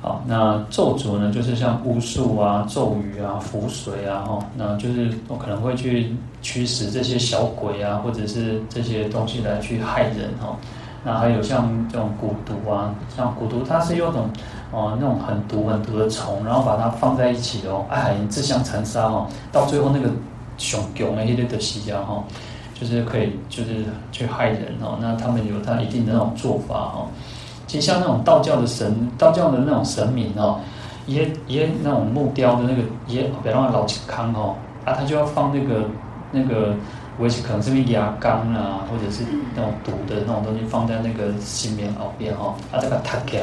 好，那咒詛呢，就是像巫術啊、咒語啊、符水啊哈，那就是我可能會去驅使這些小鬼啊，或者是這些東西來去害人哈、哦。那還有像這種蠱毒啊，像蠱毒它是有一種。哦，那種很毒很毒的蟲，然後把它放在一起的哦，哎，你自相殘殺哦，到最後那個熊狗一堆的西啊哈，就是可以就是去害人哦。那他們有他一定的那種做法哦。其實像那種道教的神，道教的那種神明哦，一些一些那種木雕的那個，一些比方說老康哦，啊，他就要放那個那個，我也是可能是些牙缸啦、啊，或者是那種毒的那種東西放在那個神明旁邊哦，啊，這個他給。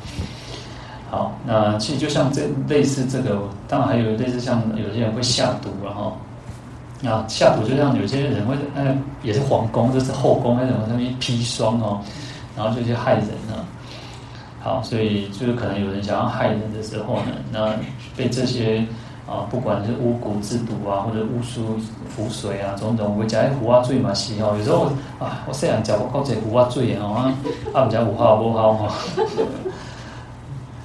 好，那其實就像這類似這個，當然還有類似像有些人會下毒，然後那下毒就像有些人會，哎，也是皇宮，這、就是後宮，那什麼上面砒霜哦，然後就去害人呢？好，所以就是可能有人想要害人的時候呢，那被這些啊，不管是巫蠱之毒啊，或者巫術符水啊，種種會也，我們講哎，伏阿罪嘛，喜好有時候啊，我雖然講我靠這伏阿罪啊，啊，我講五、啊、好五好哦。嗯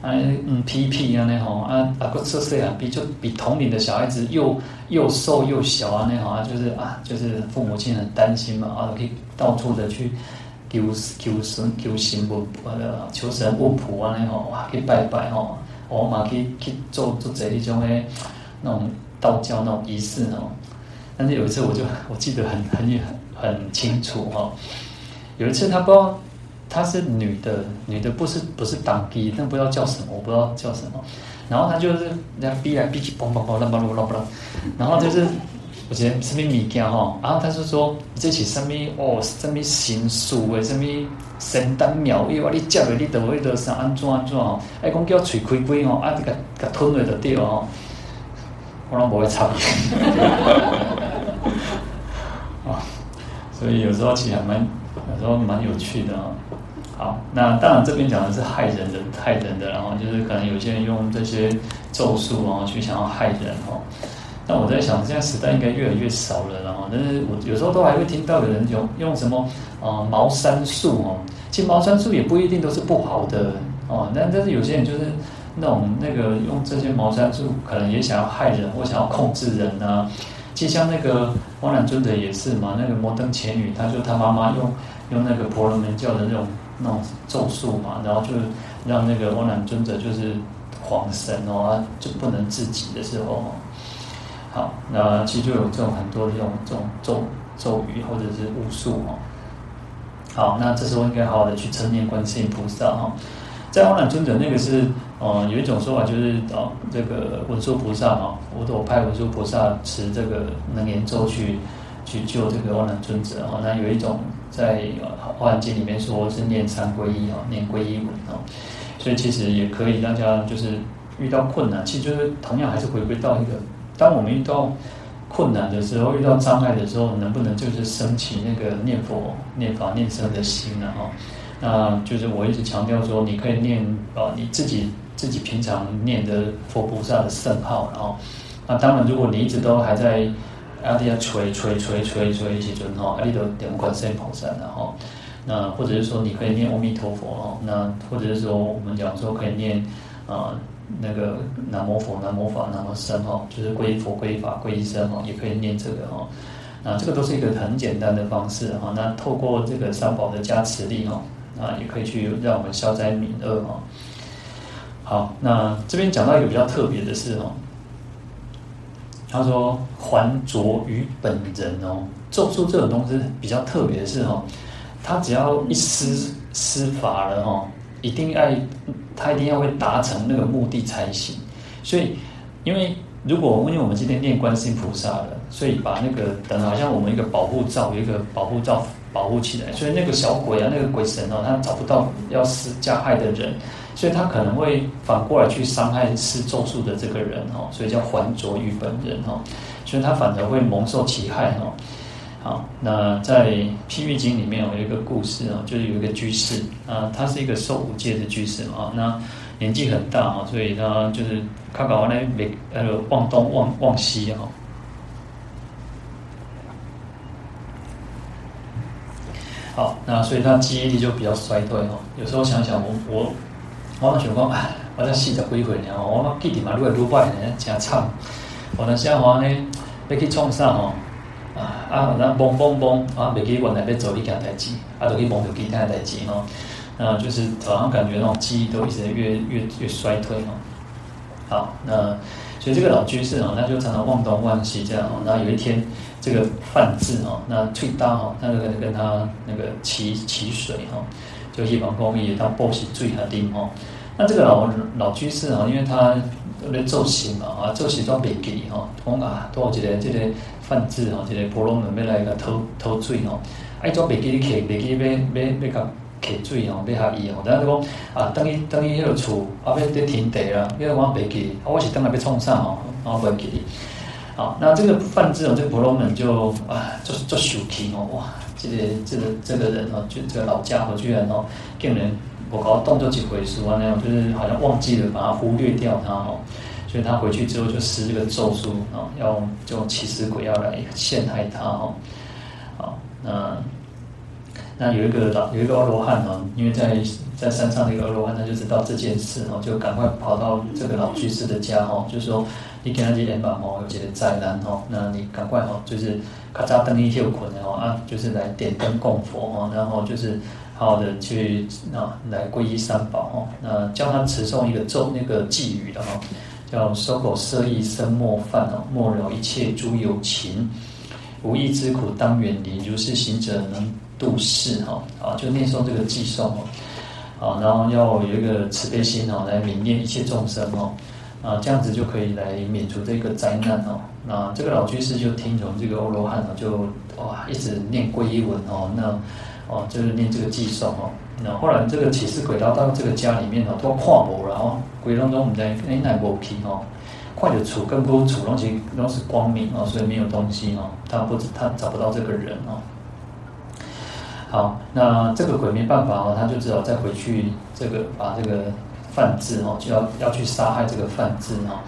啊，嗯，PP 啊，那吼啊，啊個瘦瘦啊，比就比同齡的小孩子又又瘦又小啊，那吼啊，就是啊，就是父母親很擔心嘛，啊，去到處的去求求，求神求神問卜、啊、求神問卜啊，那吼，哇，去拜拜吼、啊，哦嘛，去去做做這一種的，那種道教那種儀式哦。但是有一次，我就我記得很很很很清楚哈、啊，有一次他不。她是女的，女的不是不是擋 B，但不知道叫什麼，我不知道叫什麼。然後她就是人家 B 來 B 起，嘣嘣嘣，啷啷啷啷啷。然後就是，我覺得什麼物件哈？然後她就說，這是什麼？哦，什麼神書的什麼神丹妙藥？哇！你接的你到尾都上安怎安怎？哎，講叫嘴開開哦，啊，你個個吞的就對哦。我攏不會插。啊，所以有時候其實還蠻，有時候蠻有趣的哦。好，那當然這邊講的是害人的、害人的，然後就是可能有些人用這些咒術，然後去想要害人哦。那我在想，現在時代應該越來越少了，然後但是我有時候都還會聽到有人用用什麼呃茅山術哦，其實茅山術也不一定都是不好的哦，但但是有些人就是那種那個用這些茅山術，可能也想要害人或想要控制人吶、啊。就像那個阿難尊者也是嘛，那個摩登伽女，她說她媽媽用用那個婆羅門教的那種。那種咒術嘛，然後就讓那個汪然尊者就是狂神哦，他就不能自己的時候哦。好，那其實就有這種很多這種這種咒咒語或者是巫術哦。好，那這時候應該好好的去稱念觀世音菩薩哈。在汪然尊者那個是，呃，有一種說法就是，哦、呃，這個文殊菩薩哈，佛、哦、陀派文殊菩薩持這個能言咒去去救這個汪然尊者哦。那有一種。在啊，華嚴經裡面說是念三皈依哦，念皈依文哦，所以其實也可以，大家就是遇到困難，其實就是同樣還是回歸到一個，當我們遇到困難的時候，遇到障礙的時候，能不能就是升起那個念佛、念法、念僧的心呢？哦，那就是我一直強調說，你可以念啊，你自己自己平常念的佛菩薩的聖號，然後，那當然，如果你一直都還在。阿彌陀垂垂垂垂一幾尊吼，阿彌陀點不觀三寶身的吼，那或者是說你可以念阿彌陀佛哦，那或者是說我們講說可以念啊、呃、那個南無佛、南無法、南無僧吼，就是皈依佛、皈依法、皈依僧吼，也可以念這個吼，那這個都是一個很簡單的方式哈，那透過這個三寶的加持力吼，啊也可以去讓我們消災免厄哈。好，那這邊講到一個比較特別的事哦。他說：“還着於本人哦，咒術這種東西比較特別的是哦，他只要一施施法了哦，一定愛他一定要會達成那個目的才行。所以，因為如果因為我們今天念觀世音菩薩的，所以把那個等好像我們一個保護罩，一個保護罩保護起來，所以那個小鬼啊，那個鬼神哦、啊，他找不到要施加害的人。”所以他可能會反過來去傷害施咒術的這個人哦，所以叫還著於本人哦，所以他反而會蒙受其害哦。好，那在《譬喻經》裡面有一個故事哦，就是有一個居士啊、呃，他是一個受五戒的居士啊，那年紀很大啊，所以他就是看搞完來呃忘東忘忘西哈。好，那所以他記憶力就比較衰退哦，有時候想想我我。我想講，我才四十幾歲呢，我記着嘛，越個魯班呢，真慘。我的生活呢，要去創啥吼？啊啊，後蹦蹦蹦啊，每天原來要做幾件代志，啊，都、啊啊啊、去以忙其他代志吼，啊，就是常常感覺哦，記憶都一直在越越越衰退哦、啊。好，那所以這個老居士哦，他、啊、就常常忘東忘西這樣哦。啊、然後有一天，這個梵志哦，那退打哦，那就跟他那個乞乞、那個那個、水哈。啊就是講伊會當抱水水下啉吼。那這個老老居士啊、哦，因為他咧做事嘛，啊做事總袂記吼，講啊，都一個即個梵志吼，一個婆羅門要來甲討討水吼、哦，啊伊總袂記咧客，袂記要要要甲客水吼、哦，要合伊吼，但是講啊，等於等於迄路厝，後尾佇天地啦，一路講袂記，我是等來要創啥吼，我、啊、袂記。好、啊，那這個梵志哦，這婆羅門就啊，足足受氣吼，哇！這個這個這個人哦，就這個老家伙居然哦，竟人，我搞動作幾回，書啊，那樣，就是好像忘記了，把它忽略掉他哦，所以他回去之後就施這個咒術哦，要就用起屍鬼要來陷害他哦，好，那那有一個老有一個阿羅漢哦，因為在在山上的一個阿羅漢，他就知道這件事哦，就趕快跑到這個老居士的家哦，就是說。聽到這人吧吼，有些災難，那你趕快就是咔嚓燈一跳，困啊，就是來點燈供佛，然後就是好好的去那來皈依三寶吼，那教他持誦一個咒，那個偈語的哈，叫“守口攝意身莫犯哦，莫擾一切諸有情，無益之苦當遠離，如是行者能度世啊”，就念誦這個偈頌。啊，然後要有一個慈悲心哦，來憫念一切眾生哦。啊，這樣子就可以來免除這個災難哦。那這個老居士就聽從這個阿羅漢哦，就哇一直念皈依文哦，那哦、啊、就是念這個偈頌哦。那後來這個起屍鬼到到這個家裡面哦，都跨不然後鬼當中我們在哎奈何皮哦，快的處更不用處，東西、哦、都，都是光明哦，所以沒有東西哦，他不知他找不到這個人哦。好，那這個鬼沒辦法哦，他就只好再回去這個把這個。梵志哦，就要要去殺害這個梵志哦，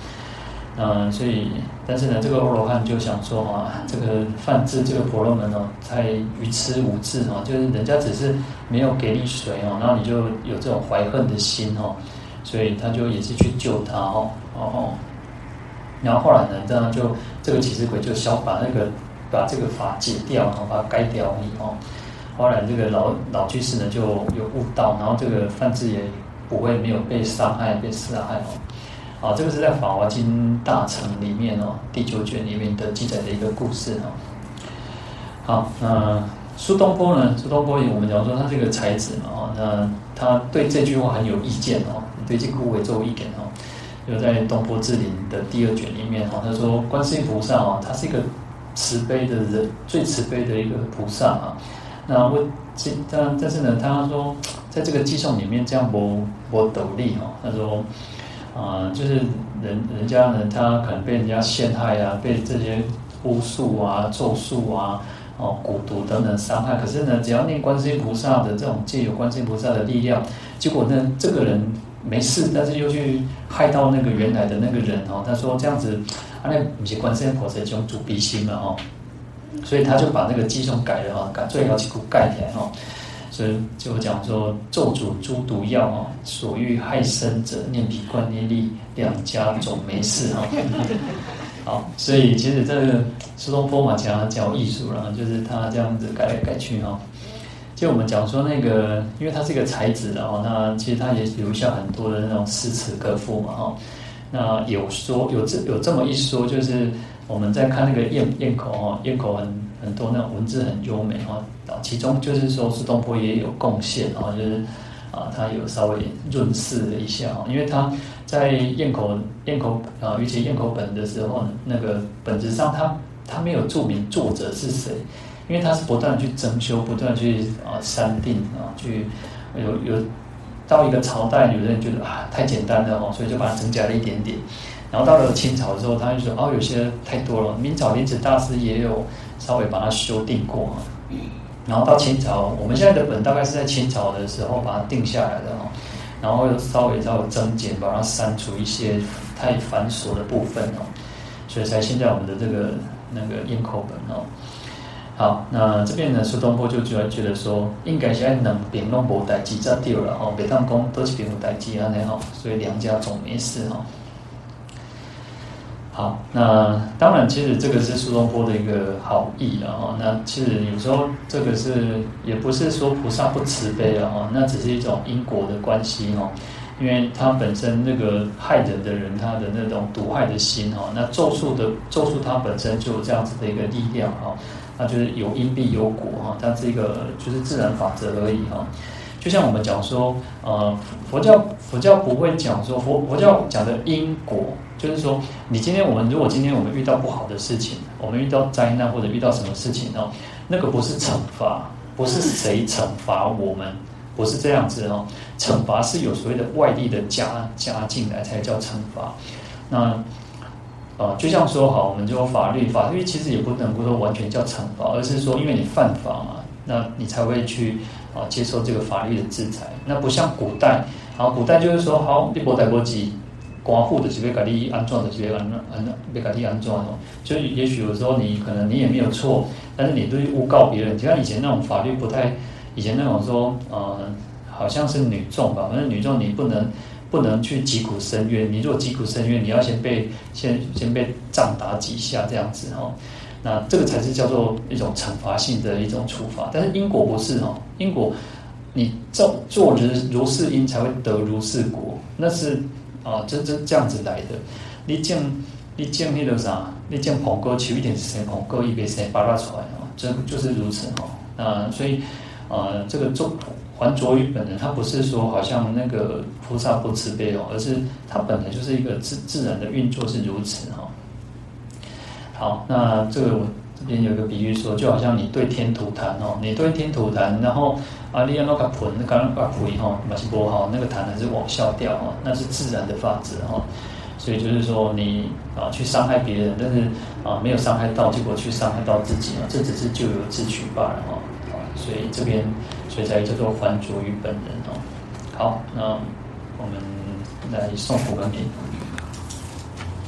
嗯、呃，所以但是呢，這個阿羅漢就想說啊，這個梵志這個婆羅門哦，太愚痴無智哈，就是人家只是沒有給你水哦，然後你就有這種懷恨的心哦，所以他就也是去救他哦，然後，然後後來呢，這樣就這個起屍鬼就想把那個把這個法解掉，然後把它改掉而已哦，後來這個老老居士呢就有悟到，然後這個梵志也。不會沒有被傷害、被殺害哦、喔。好，這個是在《法華經大成》裡面哦、喔，第九卷裡面的記載的一個故事哦、喔。好，那、嗯、蘇東坡呢？蘇東坡，我們講說他是個才子嘛、喔、哦，那他對這句話很有意見哦、喔。對這個故事做一點哦，有在《東坡志林》的第二卷裡面哦、喔，他、就是、說：觀世音菩薩哦、喔，他是一個慈悲的人，最慈悲的一個菩薩嘛、喔。那問。但但是呢，他說，在這個計算裡面，這樣不博鬥力哦，他說，啊、呃，就是人人家呢，他可能被人家陷害啊，被這些巫術啊、咒術啊、哦、蠱毒等等傷害。可是呢，只要念觀世音菩薩的這種借由觀世音菩薩的力量，結果呢，這個人沒事，但是又去害到那個原來的那個人哦。他說這樣子，那不是觀世音菩薩這種主悲心了、啊、哦。所以他就把那個偈頌改了啊，改最後幾股改起來哈，所以就講說咒詛諸毒藥啊，所欲害身者，念彼觀音力，兩家總沒事啊。 好，所以其實這蘇、個、 東坡嘛，講講藝術了，然後就是他這樣子改來改去哈。就我們講說那個，因為他是一個才子啊，那其實他也留下很多的那種詩詞歌賦嘛哈。那有說有這有這麼一說，就是。我們在看那個《焰焰口》哦，《焰口》很很多，那種文字很優美哦。啊，其中就是說蘇東坡也有貢獻哦，就是啊，他有稍微潤飾了一下哦，因為他在《焰口》《焰口》啊，尤其《焰口本》的時候，那個本子上他他沒有注明作者是誰，因為他是不斷地去整修、不斷地去啊刪定啊，去有有到一個朝代，有人覺得啊太簡單了哦，所以就把它增加了一點點。然後到了清朝的時候，他就說：“哦，有些太多了。”明朝蓮池大師也有稍微把它修訂過嘛。然後到清朝，我們現在的本大概是在清朝的時候把它定下來的哦。然後又稍微再增減，把它刪除一些太繁瑣的部分哦，所以才現在我們的這個那個焰口本哦。好，那這邊呢，蘇東坡就主要覺得說，應該現在能別弄無代志在丟了哦，別當講都是別無代志安尼哦，所以兩家總沒事哦。好，那當然，其實這個是蘇東坡的一個好意，啊。那其實有時候這個是也不是說菩薩不慈悲啊，那只是一種因果的關係哈、啊，因為他本身那個害人的人，他的那種毒害的心哈、啊，那咒術的咒術，它本身就有這樣子的一個力量哈、啊，那就是有因必有果哈、啊，它是一個就是自然法則而已哈、啊。就像我們講說，呃，佛教佛教不會講說佛佛教講的因果，就是說，你今天我們如果今天我們遇到不好的事情，我們遇到災難或者遇到什麼事情哦，那個不是懲罰，不是誰懲罰我們，不是這樣子哦，懲罰是有所謂的外力的加加進來才叫懲罰。那呃就像說好，我們就有法律，法律其實也不能夠說完全叫懲罰，而是說因為你犯法嘛，那你才會去。啊，接受這個法律的制裁，那不像古代，好，古代就是說，好，你波代波吉，寡婦的就被改立，就是、安葬的就被安安被改立安葬的。就也許有時候你可能你也沒有錯，但是你對誣告別人，就像以前那種法律不太，以前那種說，呃，好像是女眾吧，反正女眾你不能不能去擊鼓申冤，你若擊鼓申冤，你要先被先先被杖打幾下這樣子哦。那這個才是叫做一種懲罰性的一種處罰，但是因果不是哈、哦，因果，你做做，人如是因才會得如是果，那是啊真這這樣子來的。你見你見那個啥，你見捧哥求一點錢，捧哥一杯水，把它傳哦，這就，就是如此哈、哦。那所以啊、呃，這個咒還著於本人，他不是說好像那個菩薩不慈悲哦，而是他本來就是一個自自然的運作是如此哈、哦。好，那這個我這邊有一個比喻說，就好像你對天吐痰哦，你對天吐痰，然後啊，你那個盆剛剛馬西波哈，那個痰還是往下掉哈，那是自然的法則哦。所以就是說，你啊去傷害別人，但是啊沒有傷害到結果，去傷害到自己嘛，這只是咎由自取罷了哈。所以這邊，所以才叫做還著於本人哦。好，那我們來送福給你。